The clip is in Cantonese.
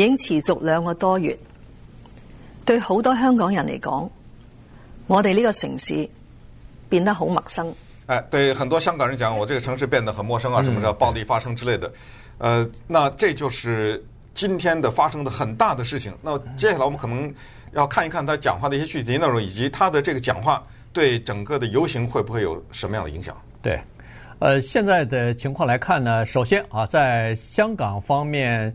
已經持續兩個多月，對好多香港人嚟講，我哋呢個城市變得好陌生。哎，對很多香港人講，我這個城市變得很陌生啊，什、嗯、麼叫暴力發生之類的？呃，那這就是今天的發生的很大的事情。那接下來我們可能要看一看他講話的一些具體內容，以及他的這個講話對整個的遊行會不會有什麼樣的影響。對，呃，現在的情況來看呢，首先啊，在香港方面。